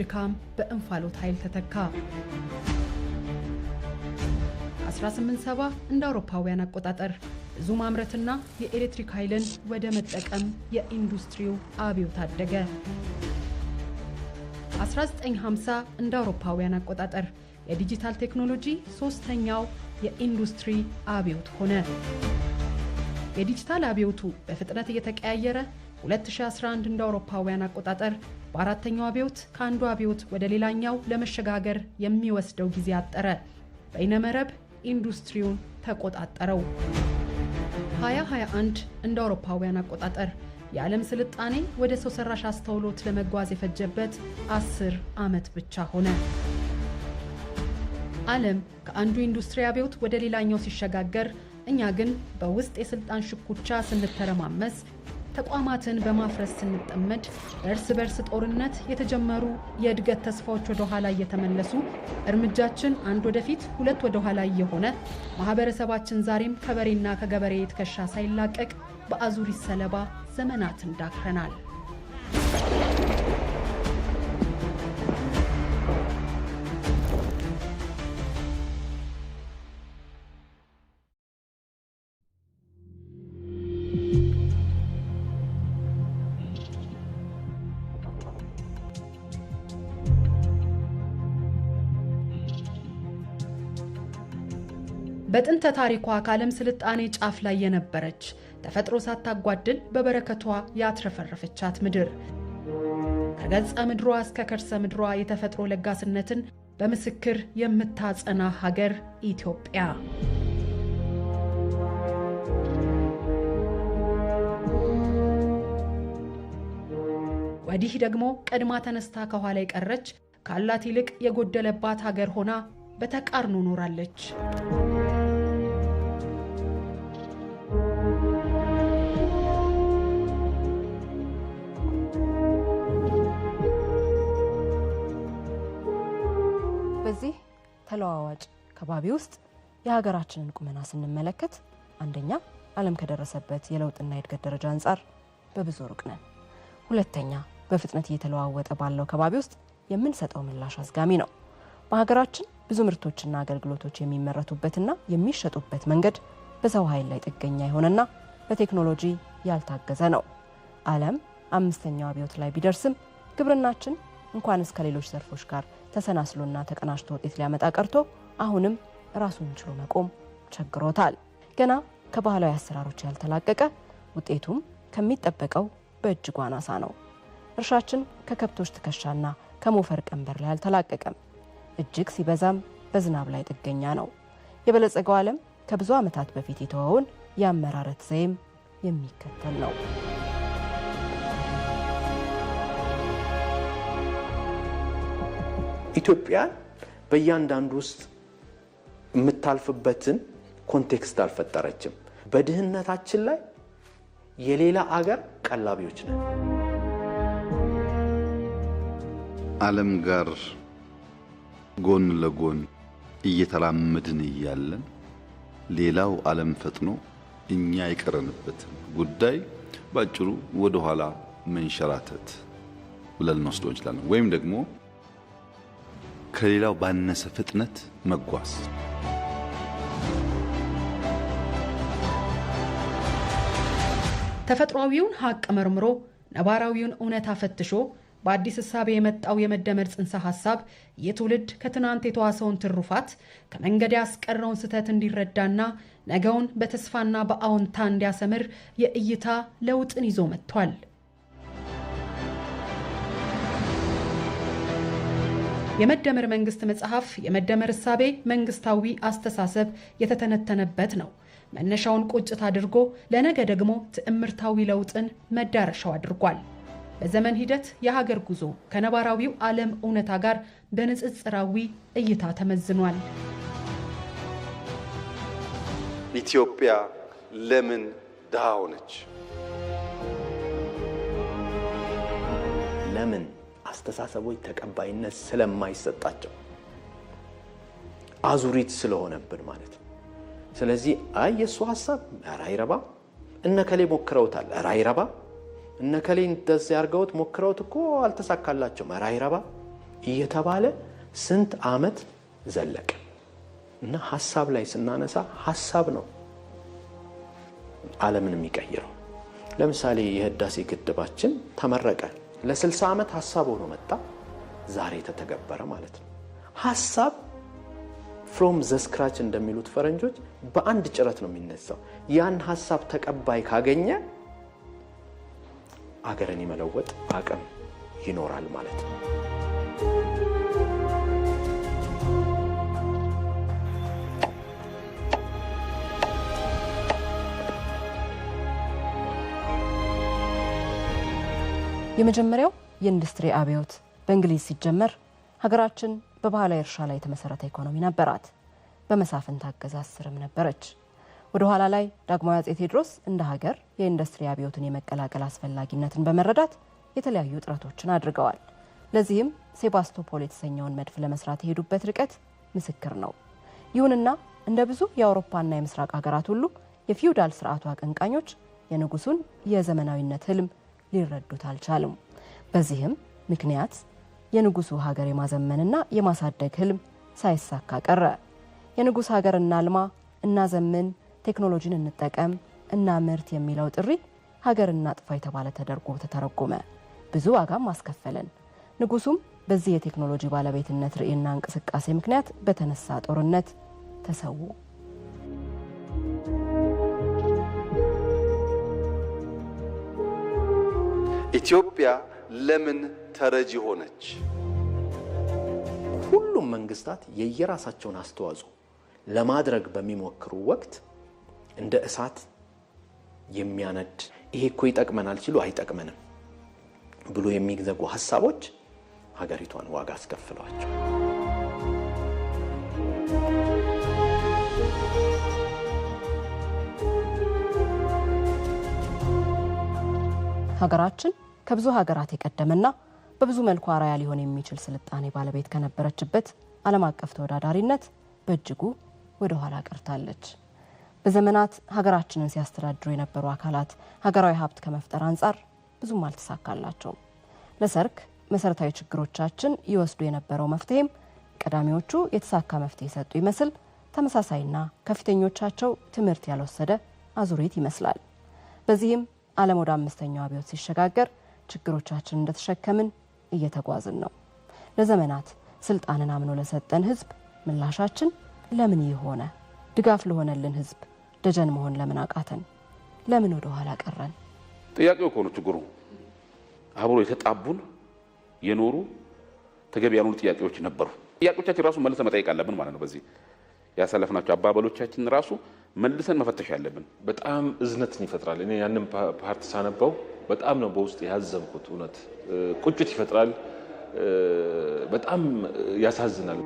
ድካም በእንፋሎት ኃይል ተተካ። 187 እንደ አውሮፓውያን አቆጣጠር ብዙ ማምረትና የኤሌክትሪክ ኃይልን ወደ መጠቀም የኢንዱስትሪው አብዮት አደገ። 1950 እንደ አውሮፓውያን አቆጣጠር የዲጂታል ቴክኖሎጂ ሶስተኛው የኢንዱስትሪ አብዮት ሆነ። የዲጂታል አብዮቱ በፍጥነት እየተቀያየረ 2011 እንደ አውሮፓውያን አቆጣጠር በአራተኛው አብዮት ከአንዱ አብዮት ወደ ሌላኛው ለመሸጋገር የሚወስደው ጊዜ አጠረ። በይነመረብ ኢንዱስትሪውን ተቆጣጠረው። 2021 እንደ አውሮፓውያን አቆጣጠር የዓለም ስልጣኔ ወደ ሰው ሰራሽ አስተውሎት ለመጓዝ የፈጀበት 10 ዓመት ብቻ ሆነ። ዓለም ከአንዱ ኢንዱስትሪ አብዮት ወደ ሌላኛው ሲሸጋገር እኛ ግን በውስጥ የስልጣን ሽኩቻ ስንተረማመስ ተቋማትን በማፍረስ ስንጠመድ በእርስ በርስ ጦርነት የተጀመሩ የእድገት ተስፋዎች ወደ እየተመለሱ እርምጃችን አንድ ወደፊት ሁለት ወደ ኋላ እየሆነ ማህበረሰባችን ዛሬም ከበሬና ከገበሬ ትከሻ ሳይላቀቅ በአዙሪት ሰለባ ዘመናትን ዳክረናል። በጥንተ ታሪኳ ከዓለም ስልጣኔ ጫፍ ላይ የነበረች ተፈጥሮ ሳታጓድል በበረከቷ ያትረፈረፈቻት ምድር ከገጸ ምድሯ እስከ ከርሰ ምድሯ የተፈጥሮ ለጋስነትን በምስክር የምታጸና ሀገር ኢትዮጵያ። ወዲህ ደግሞ ቀድማ ተነስታ ከኋላ የቀረች ካላት ይልቅ የጎደለባት ሀገር ሆና በተቃርኖ ኖራለች። በዚህ ተለዋዋጭ ከባቢ ውስጥ የሀገራችንን ቁመና ስንመለከት አንደኛ ዓለም ከደረሰበት የለውጥና የእድገት ደረጃ አንጻር በብዙ ሩቅ ነን። ሁለተኛ በፍጥነት እየተለዋወጠ ባለው ከባቢ ውስጥ የምንሰጠው ምላሽ አዝጋሚ ነው። በሀገራችን ብዙ ምርቶችና አገልግሎቶች የሚመረቱበትና የሚሸጡበት መንገድ በሰው ኃይል ላይ ጥገኛ የሆነና በቴክኖሎጂ ያልታገዘ ነው። ዓለም አምስተኛው አብዮት ላይ ቢደርስም ግብርናችን እንኳንስ ከሌሎች ዘርፎች ጋር ተሰናስሎና ተቀናጅቶ ውጤት ሊያመጣ ቀርቶ አሁንም ራሱን ችሎ መቆም ቸግሮታል። ገና ከባህላዊ አሰራሮች ያልተላቀቀ ውጤቱም ከሚጠበቀው በእጅጉ አናሳ ነው። እርሻችን ከከብቶች ትከሻና ከሞፈር ቀንበር ላይ አልተላቀቀም። እጅግ ሲበዛም በዝናብ ላይ ጥገኛ ነው። የበለጸገው ዓለም ከብዙ ዓመታት በፊት የተወውን የአመራረት ዘይም የሚከተል ነው። ኢትዮጵያን በእያንዳንዱ ውስጥ የምታልፍበትን ኮንቴክስት አልፈጠረችም። በድህነታችን ላይ የሌላ አገር ቀላቢዎች ነን። ዓለም ጋር ጎን ለጎን እየተራመድን እያለን ሌላው ዓለም ፈጥኖ እኛ የቀረንበትን ጉዳይ በአጭሩ ወደኋላ መንሸራተት ብለን እንወስደው እንችላለን ወይም ደግሞ ከሌላው ባነሰ ፍጥነት መጓዝ ተፈጥሯዊውን ሀቅ መርምሮ ነባራዊውን እውነታ ፈትሾ በአዲስ እሳቤ የመጣው የመደመር ጽንሰ ሀሳብ የትውልድ ከትናንት የተዋሰውን ትሩፋት ከመንገድ ያስቀረውን ስህተት እንዲረዳና ነገውን በተስፋና በአዎንታ እንዲያሰምር የእይታ ለውጥን ይዞ መጥቷል። የመደመር መንግስት መጽሐፍ የመደመር እሳቤ መንግስታዊ አስተሳሰብ የተተነተነበት ነው። መነሻውን ቁጭት አድርጎ ለነገ ደግሞ ትዕምርታዊ ለውጥን መዳረሻው አድርጓል። በዘመን ሂደት የሀገር ጉዞ ከነባራዊው ዓለም እውነታ ጋር በንጽጽራዊ እይታ ተመዝኗል። ኢትዮጵያ ለምን ድሃ ሆነች? ለምን አስተሳሰቦች ተቀባይነት ስለማይሰጣቸው አዙሪት ስለሆነብን ማለት ነው። ስለዚህ አይ የእሱ ሀሳብ ኧረ እነከሌ ሞክረውታል፣ ኧረ አይረባ፣ እነከሌ እንደዚህ ያርገውት ሞክረውት እኮ አልተሳካላቸውም፣ ኧረ ረባ እየተባለ ስንት አመት ዘለቀ እና ሀሳብ ላይ ስናነሳ ሀሳብ ነው ዓለምን የሚቀይረው። ለምሳሌ የህዳሴ ግድባችን ተመረቀ። ለ60 ዓመት ሀሳብ ሆኖ መጣ። ዛሬ ተተገበረ ማለት ነው። ሀሳብ ፍሮም ስክራች እንደሚሉት ፈረንጆች በአንድ ጭረት ነው የሚነሳው። ያን ሀሳብ ተቀባይ ካገኘ አገርን የመለወጥ አቅም ይኖራል ማለት ነው። የመጀመሪያው የኢንዱስትሪ አብዮት በእንግሊዝ ሲጀመር ሀገራችን በባህላዊ እርሻ ላይ የተመሰረተ ኢኮኖሚ ነበራት። በመሳፍንት አገዛዝ ስርም ነበረች። ወደ ኋላ ላይ ዳግማዊ አጼ ቴዎድሮስ እንደ ሀገር የኢንዱስትሪ አብዮትን የመቀላቀል አስፈላጊነትን በመረዳት የተለያዩ ጥረቶችን አድርገዋል። ለዚህም ሴባስቶፖል የተሰኘውን መድፍ ለመስራት የሄዱበት ርቀት ምስክር ነው። ይሁንና እንደ ብዙ የአውሮፓና የምስራቅ ሀገራት ሁሉ የፊውዳል ስርዓቱ አቀንቃኞች የንጉሱን የዘመናዊነት ህልም ሊረዱት አልቻሉም። በዚህም ምክንያት የንጉሱ ሀገር የማዘመንና የማሳደግ ህልም ሳይሳካ ቀረ። የንጉሥ ሀገር እናልማ፣ እናዘምን፣ ቴክኖሎጂን እንጠቀም፣ እናምርት የሚለው ጥሪ ሀገር እናጥፋ የተባለ ተደርጎ ተተረጎመ። ብዙ ዋጋም አስከፈለን። ንጉሱም በዚህ የቴክኖሎጂ ባለቤትነት ርእይና እንቅስቃሴ ምክንያት በተነሳ ጦርነት ተሰዉ። ኢትዮጵያ ለምን ተረጂ ሆነች? ሁሉም መንግስታት የየራሳቸውን አስተዋጽኦ ለማድረግ በሚሞክሩ ወቅት እንደ እሳት የሚያነድ ይሄ እኮ ይጠቅመናል ሲሉ አይጠቅመንም ብሎ የሚዘጉ ሀሳቦች ሀገሪቷን ዋጋ አስከፍለዋቸዋል። ሀገራችን ከብዙ ሀገራት የቀደመና በብዙ መልኩ አርአያ ሊሆን የሚችል ስልጣኔ ባለቤት ከነበረችበት ዓለም አቀፍ ተወዳዳሪነት በእጅጉ ወደ ኋላ ቀርታለች። በዘመናት ሀገራችንን ሲያስተዳድሩ የነበሩ አካላት ሀገራዊ ሀብት ከመፍጠር አንጻር ብዙም አልተሳካላቸውም። ለሰርክ መሰረታዊ ችግሮቻችን ይወስዱ የነበረው መፍትሄም ቀዳሚዎቹ የተሳካ መፍትሄ የሰጡ ይመስል ተመሳሳይና ከፊተኞቻቸው ትምህርት ያልወሰደ አዙሪት ይመስላል። በዚህም ዓለም ወደ አምስተኛው አብዮት ሲሸጋገር ችግሮቻችን እንደተሸከምን እየተጓዝን ነው። ለዘመናት ስልጣንን አምኖ ለሰጠን ህዝብ ምላሻችን ለምን የሆነ ድጋፍ ለሆነልን ህዝብ ደጀን መሆን ለምን አቃተን? ለምን ወደ ኋላ ቀረን? ጥያቄው ከሆኑ ችግሩ አብሮ የተጣቡን የኖሩ ተገቢ ያልሆኑ ጥያቄዎች ነበሩ። ጥያቄዎቻችን ራሱ መልሰ መጠየቅ አለብን ማለት ነው። በዚህ ያሳለፍናቸው አባበሎቻችን ራሱ መልሰን መፈተሽ ያለብን። በጣም እዝነትን ይፈጥራል። እኔ ያንን ፓርት ሳነባው በጣም ነው በውስጥ ያዘንኩት። እውነት ቁጭት ይፈጥራል። በጣም ያሳዝናል።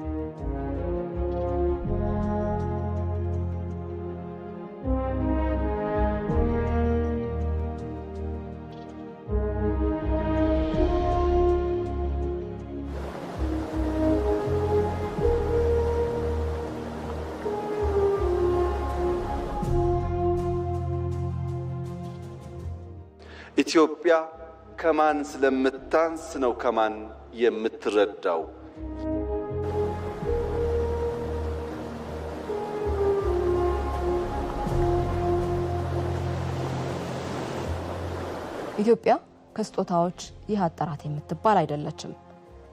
ኢትዮጵያ ከማን ስለምታንስ ነው ከማን የምትረዳው? ኢትዮጵያ ከስጦታዎች ይህ አጠራት የምትባል አይደለችም።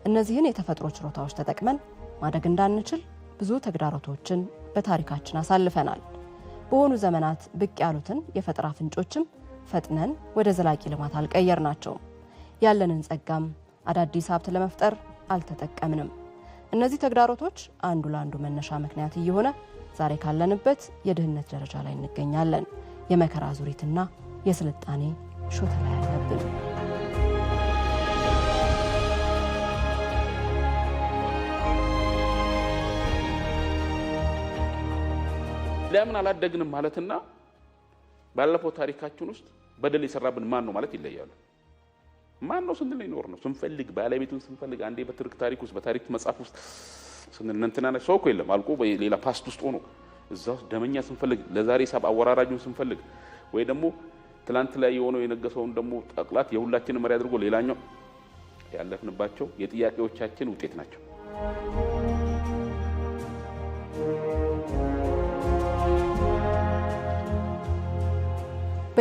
እነዚህን የተፈጥሮ ችሮታዎች ተጠቅመን ማደግ እንዳንችል ብዙ ተግዳሮቶችን በታሪካችን አሳልፈናል። በሆኑ ዘመናት ብቅ ያሉትን የፈጠራ ፍንጮችም ፈጥነን ወደ ዘላቂ ልማት አልቀየር ናቸው። ያለንን ጸጋም አዳዲስ ሀብት ለመፍጠር አልተጠቀምንም። እነዚህ ተግዳሮቶች አንዱ ለአንዱ መነሻ ምክንያት እየሆነ ዛሬ ካለንበት የድህነት ደረጃ ላይ እንገኛለን። የመከራ ዙሪትና የስልጣኔ ሾተ ላይ ያለብን ለምን አላደግንም ማለትና ባለፈው ታሪካችን ውስጥ በደል የሰራብን ማን ነው ማለት ይለያሉ። ማን ነው ስንል ይኖር ነው ስንፈልግ ባለቤቱን ስንፈልግ አንዴ በትርክ ታሪክ ውስጥ በታሪክ መጽሐፍ ውስጥ ስንል እንትና ሰው እኮ የለም አልቆ ሌላ ፓስት ውስጥ ሆኖ እዛ ውስጥ ደመኛ ስንፈልግ ለዛሬ ሳብ አወራራጁን ስንፈልግ ወይ ደግሞ ትላንት ላይ የሆነው የነገሰውን ደግሞ ጠቅላት የሁላችንም መሪ አድርጎ ሌላኛው ያለፍንባቸው የጥያቄዎቻችን ውጤት ናቸው።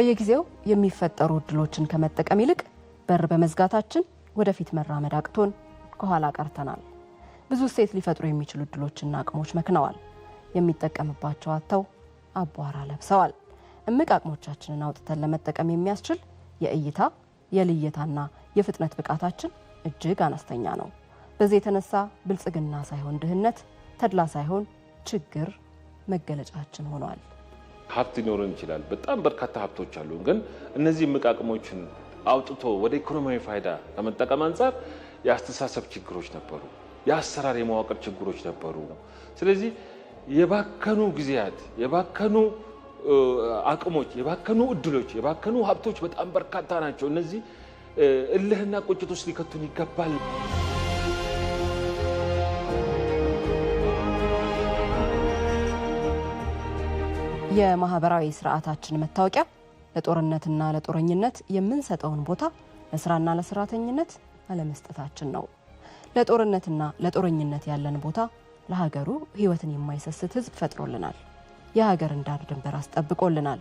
በየጊዜው የሚፈጠሩ እድሎችን ከመጠቀም ይልቅ በር በመዝጋታችን ወደፊት መራመድ አቅቶን ከኋላ ቀርተናል። ብዙ ሴት ሊፈጥሩ የሚችሉ እድሎችና አቅሞች መክነዋል። የሚጠቀምባቸው አጥተው አቧራ ለብሰዋል። እምቅ አቅሞቻችንን አውጥተን ለመጠቀም የሚያስችል የእይታ የልየታና የፍጥነት ብቃታችን እጅግ አነስተኛ ነው። በዚህ የተነሳ ብልጽግና ሳይሆን ድህነት፣ ተድላ ሳይሆን ችግር መገለጫችን ሆኗል። ሀብት ሊኖረን ይችላል። በጣም በርካታ ሀብቶች አሉ። ግን እነዚህ ምቃቅሞችን አቅሞችን አውጥቶ ወደ ኢኮኖሚያዊ ፋይዳ ከመጠቀም አንጻር የአስተሳሰብ ችግሮች ነበሩ፣ የአሰራር የመዋቅር ችግሮች ነበሩ። ስለዚህ የባከኑ ጊዜያት፣ የባከኑ አቅሞች፣ የባከኑ እድሎች፣ የባከኑ ሀብቶች በጣም በርካታ ናቸው። እነዚህ እልህና ቁጭት ውስጥ ሊከቱን ይገባል። የማህበራዊ ስርዓታችን መታወቂያ ለጦርነትና ለጦረኝነት የምንሰጠውን ቦታ ለስራና ለሰራተኝነት አለመስጠታችን ነው። ለጦርነትና ለጦረኝነት ያለን ቦታ ለሀገሩ ህይወትን የማይሰስት ህዝብ ፈጥሮልናል። የሀገርን ዳር ድንበር አስጠብቆልናል።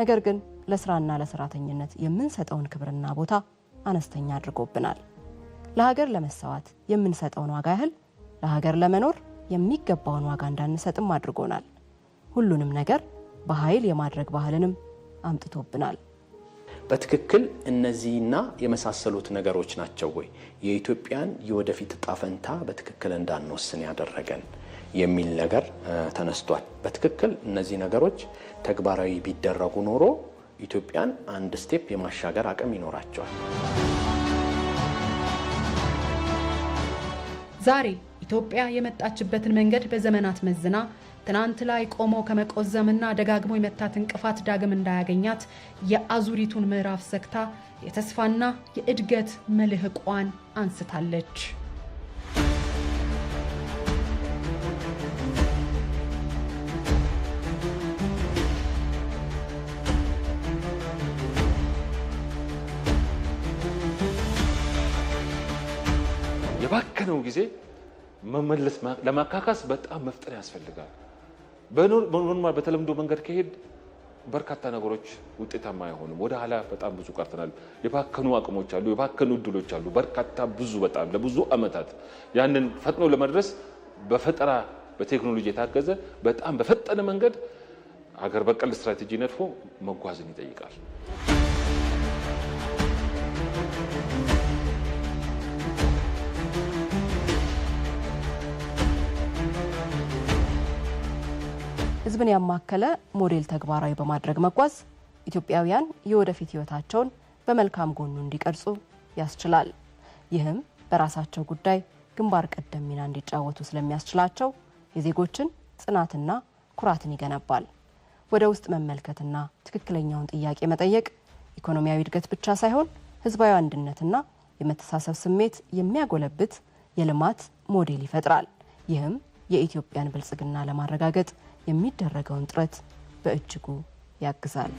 ነገር ግን ለስራና ለሰራተኝነት የምንሰጠውን ክብርና ቦታ አነስተኛ አድርጎብናል። ለሀገር ለመሰዋት የምንሰጠውን ዋጋ ያህል ለሀገር ለመኖር የሚገባውን ዋጋ እንዳንሰጥም አድርጎናል። ሁሉንም ነገር በኃይል የማድረግ ባህልንም አምጥቶብናል። በትክክል እነዚህና የመሳሰሉት ነገሮች ናቸው ወይ የኢትዮጵያን የወደፊት እጣ ፈንታ በትክክል እንዳንወስን ያደረገን የሚል ነገር ተነስቷል። በትክክል እነዚህ ነገሮች ተግባራዊ ቢደረጉ ኖሮ ኢትዮጵያን አንድ ስቴፕ የማሻገር አቅም ይኖራቸዋል። ዛሬ ኢትዮጵያ የመጣችበትን መንገድ በዘመናት መዝና ትናንት ላይ ቆሞ ከመቆዘምና ደጋግሞ የመታት እንቅፋት ዳግም እንዳያገኛት የአዙሪቱን ምዕራፍ ዘግታ የተስፋና የእድገት መልህቋን አንስታለች። የባከነው ጊዜ መመለስ ለማካካስ በጣም መፍጠን ያስፈልጋል። በኖርማል በተለምዶ መንገድ ከሄድ በርካታ ነገሮች ውጤታማ አይሆንም። ወደ ኋላ በጣም ብዙ ቀርተናል። የባከኑ አቅሞች አሉ፣ የባከኑ እድሎች አሉ። በርካታ ብዙ በጣም ለብዙ ዓመታት ያንን ፈጥኖ ለመድረስ በፈጠራ በቴክኖሎጂ የታገዘ በጣም በፈጠነ መንገድ አገር በቀል ስትራቴጂ ነድፎ መጓዝን ይጠይቃል። ህዝብን ያማከለ ሞዴል ተግባራዊ በማድረግ መጓዝ ኢትዮጵያውያን የወደፊት ህይወታቸውን በመልካም ጎኑ እንዲቀርጹ ያስችላል። ይህም በራሳቸው ጉዳይ ግንባር ቀደም ሚና እንዲጫወቱ ስለሚያስችላቸው የዜጎችን ጽናትና ኩራትን ይገነባል። ወደ ውስጥ መመልከትና ትክክለኛውን ጥያቄ መጠየቅ ኢኮኖሚያዊ እድገት ብቻ ሳይሆን ህዝባዊ አንድነትና የመተሳሰብ ስሜት የሚያጎለብት የልማት ሞዴል ይፈጥራል። ይህም የኢትዮጵያን ብልጽግና ለማረጋገጥ የሚደረገውን ጥረት በእጅጉ ያግዛል።